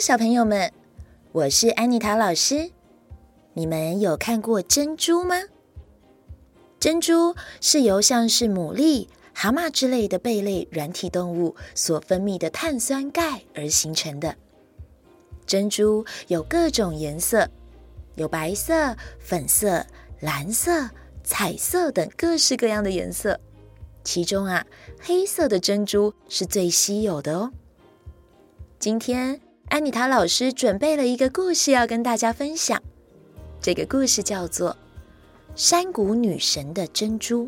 小朋友們，我是安妮塔老師。你們有看過珍珠嗎？珍珠是由像是牡蠣、蛤蜊之類的貝類軟體動物所分泌的碳酸鈣而形成的。珍珠有各種顏色，有白色、粉色、藍色、彩色等各式各樣的顏色。其中啊，黑色的珍珠是最稀有的哦。今天。安妮塔老師準備了一個故事要跟大家分享，這個故事叫做《山谷女神的珍珠》。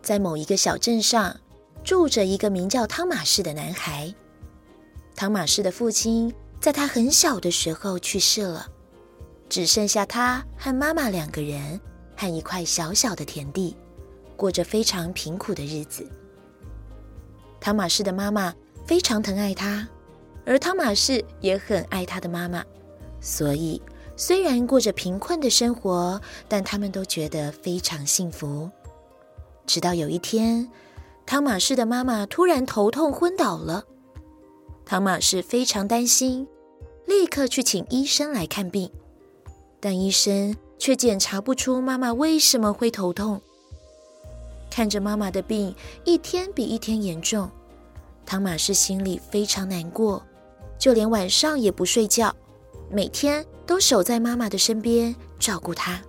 在某一個小鎮上，住着一個名叫湯馬士的男孩。湯馬士的父親在他很小的時候去世了，只剩下他和媽媽兩個人，和一塊小小的田地，過着非常貧苦的日子。湯馬士的媽媽。非常疼愛他，而湯瑪士也很愛他的媽媽，所以雖然過着貧困的生活，但他們都覺得非常幸福。直到有一天，湯瑪士的媽媽突然頭痛昏倒了，湯瑪士非常擔心，立刻去請醫生來看病，但醫生卻檢查不出媽媽為什麼會頭痛。看着媽媽的病一天比一天嚴重，湯馬士心裡非常難過，就連晚上也不睡覺，每天都守在媽媽的身邊照顧她。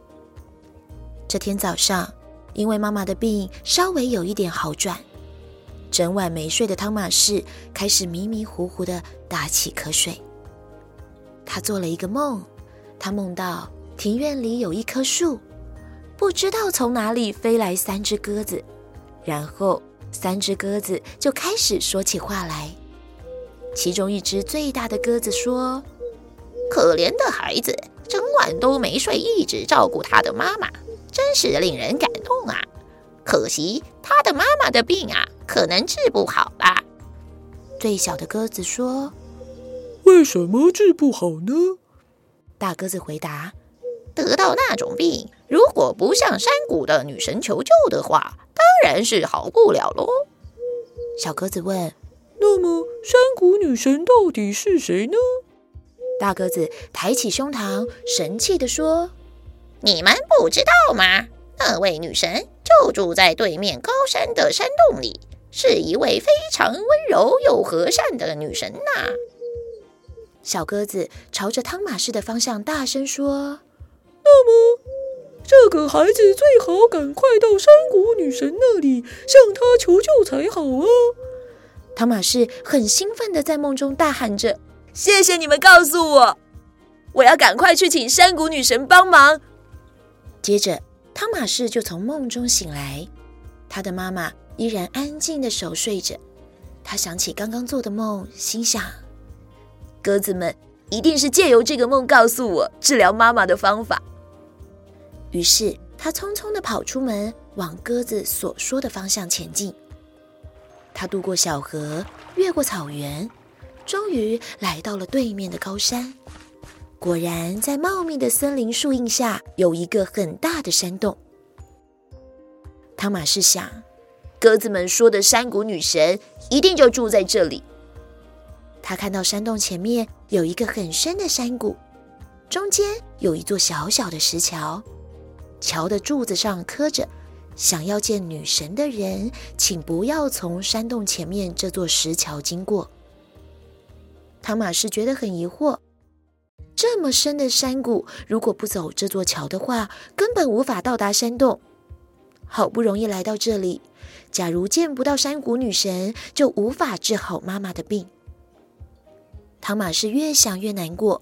這天早上，因為媽媽的病稍微有一點好轉，整晚沒睡的湯馬士開始迷迷糊糊地打起瞌睡。他做了一個夢，他夢到庭院裡有一棵樹，不知道從哪裡飛來三隻鴿子，然後，三隻鴿子就開始說起話來。其中一隻最大的鴿子說：“可憐的孩子，整晚都沒睡，一直照顧他的媽媽，真是令人感動啊！可惜他的媽媽的病啊，可能治不好吧。”最小的鴿子說：“為什麼治不好呢？”大鴿子回答：“得到那種病，如果不向山谷的女神求救的話。”當然是好不了嘍。小鴿子問：“那麼山谷女神到底是誰呢？”大鴿子抬起胸膛，神氣地說：“你們不知道嗎？那位女神就住在對面高山的山洞裡，是一位非常溫柔又和善的女神吶、啊。”小鴿子朝着湯馬士的方向大聲說：“那麼。”這個孩子最好趕快到山谷女神那裡向她求救才好哦。湯瑪士很興奮地在夢中大喊着：“謝謝你們告訴我，我要趕快去請山谷女神幫忙。”接着，湯瑪士就從夢中醒來，他的媽媽依然安靜地熟睡着。他想起剛剛做的夢，心想：鴿子們一定是借由這個夢告訴我治療媽媽的方法。於是他匆匆地跑出門，往鴿子所說的方向前進。他渡過小河，越過草原，終於來到了對面的高山。果然，在茂密的森林樹蔭下，有一個很大的山洞。湯瑪士想，鴿子們說的山谷女神一定就住在這裡。他看到山洞前面有一個很深的山谷，中間有一座小小的石橋。橋的柱子上刻着：“想要見女神的人，請不要從山洞前面這座石橋經過。”湯瑪士覺得很疑惑：這麼深的山谷，如果不走這座橋的話，根本無法到達山洞。好不容易來到這裡，假如見不到山谷女神，就無法治好媽媽的病。湯瑪士越想越難過，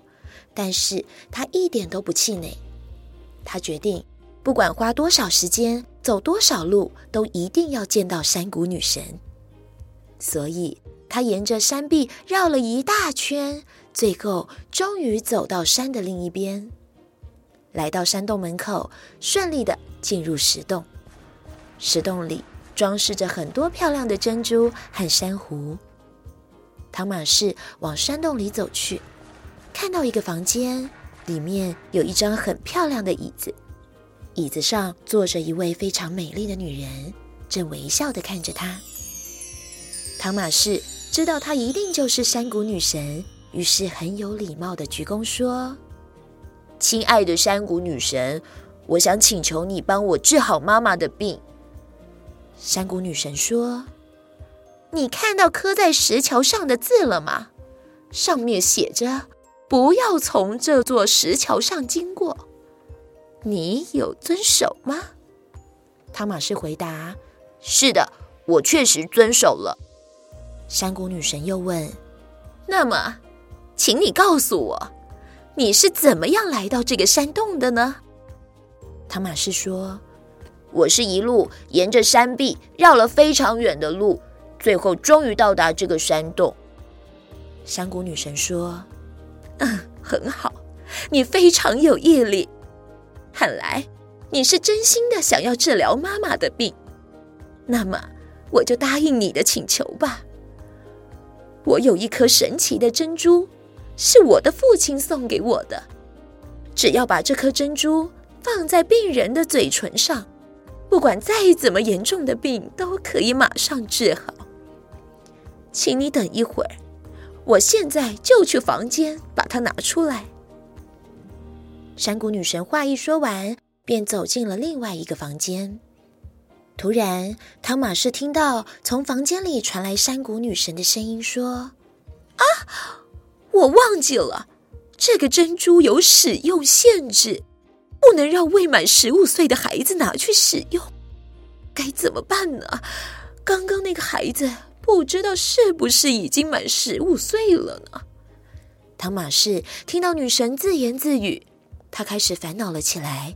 但是他一點都不氣餒，他決定。不管花多少時間，走多少路，都一定要見到山谷女神。所以，他沿着山壁繞了一大圈，最後終於走到山的另一邊，來到山洞門口，順利的進入石洞。石洞裡裝飾着很多漂亮的珍珠和珊瑚。湯瑪士往山洞裡走去，看到一個房間，裡面有一張很漂亮的椅子。椅子上坐着一位非常美麗的女人，正微笑地看着她。唐馬士知道她一定就是山谷女神，於是很有禮貌地鞠躬說：“親愛的山谷女神，我想請求你幫我治好媽媽的病。”山谷女神說：“你看到刻在石橋上的字了嗎？上面寫着‘不要從這座石橋上經過’。”你有遵守嗎？湯瑪士回答：“是的，我確實遵守了。”山谷女神又問：“那麼，請你告訴我，你是怎麼樣來到這個山洞的呢？”湯瑪士說：“我是一路沿着山壁繞了非常遠的路，最後終於到達這個山洞。”山谷女神說：“嗯，很好，你非常有毅力。”看來你是真心的想要治療媽媽的病，那麼我就答應你的請求吧。我有一顆神奇的珍珠，是我的父親送給我的。只要把這顆珍珠放在病人的嘴唇上，不管再怎麼嚴重的病都可以馬上治好。請你等一會兒，我現在就去房間把它拿出來。山谷女神話一說完，便走進了另外一個房間。突然，湯馬士聽到從房間裡傳來山谷女神的聲音說：“說啊，我忘記了，這個珍珠有使用限制，不能讓未滿十五歲的孩子拿去使用。該怎麼辦呢？剛剛那個孩子不知道是不是已經滿十五歲了呢？”湯馬士聽到女神自言自語。他開始煩惱了起來，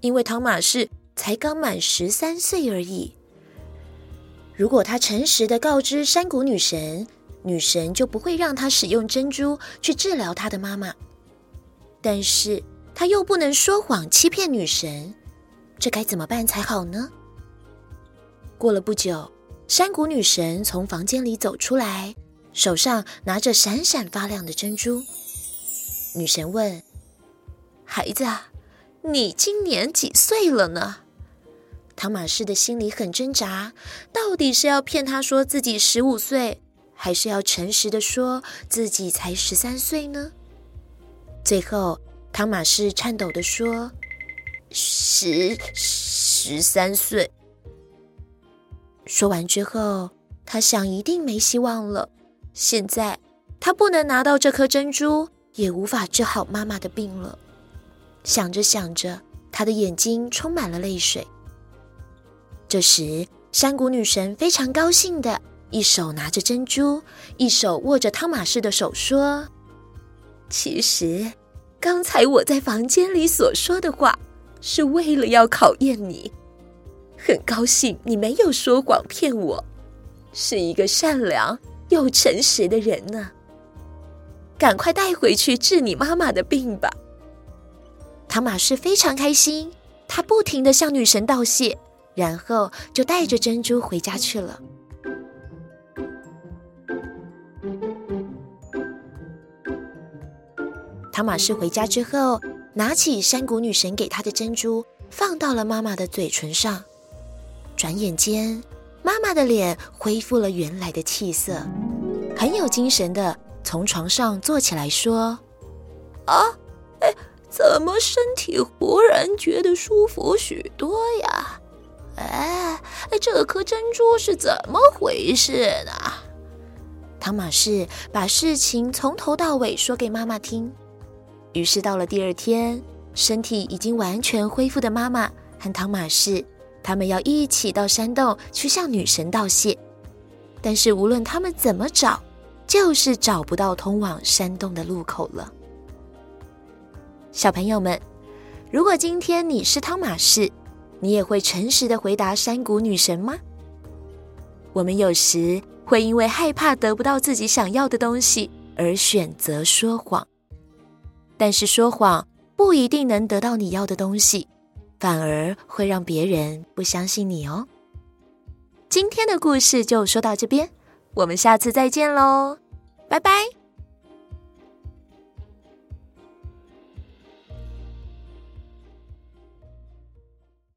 因為湯瑪士才剛滿十三歲而已。如果他誠實的告知山谷女神，女神就不會讓他使用珍珠去治療他的媽媽。但是他又不能說謊欺騙女神，這該怎麼辦才好呢？過了不久，山谷女神從房間裡走出來，手上拿着閃閃發亮的珍珠。女神問。孩子啊，你今年幾歲了呢？湯馬士的心裡很掙扎，到底是要騙他說自己十五歲，還是要誠實的說自己才十三歲呢？最後，湯馬士顫抖的說：“十十三歲。”說完之後，他想一定沒希望了。現在，他不能拿到這顆珍珠，也無法治好媽媽的病了。想着想着，他的眼睛充滿了淚水。這時，山谷女神非常高興地，一手拿着珍珠，一手握着湯馬士的手，說：“其實，剛才我在房間裡所說的話，是為了要考驗你。很高興你沒有說謊騙我，是一個善良又誠實的人呢、啊。趕快帶回去治你媽媽的病吧。”湯瑪士非常開心，他不停的向女神道謝，然後就帶着珍珠回家去了。湯瑪士回家之後，拿起山谷女神給他的珍珠，放到了媽媽的嘴唇上。轉眼間，媽媽的臉恢復了原來的氣色，很有精神的從床上坐起來說：“啊怎麼身體忽然覺得舒服許多呀？哎哎，這顆珍珠是怎麼回事呢？湯瑪士把事情從頭到尾說給媽媽聽。於是到了第二天，身體已經完全恢復的媽媽和湯瑪士，他們要一起到山洞去向女神道謝。但是無論他們怎麼找，就是找不到通往山洞的路口了。小朋友們，如果今天你是湯馬士，你也會誠實的回答山谷女神嗎？我們有時會因為害怕得不到自己想要的東西而選擇說謊，但是說謊不一定能得到你要的東西，反而會讓別人不相信你哦。今天的故事就說到這邊，我們下次再見嘍，拜拜。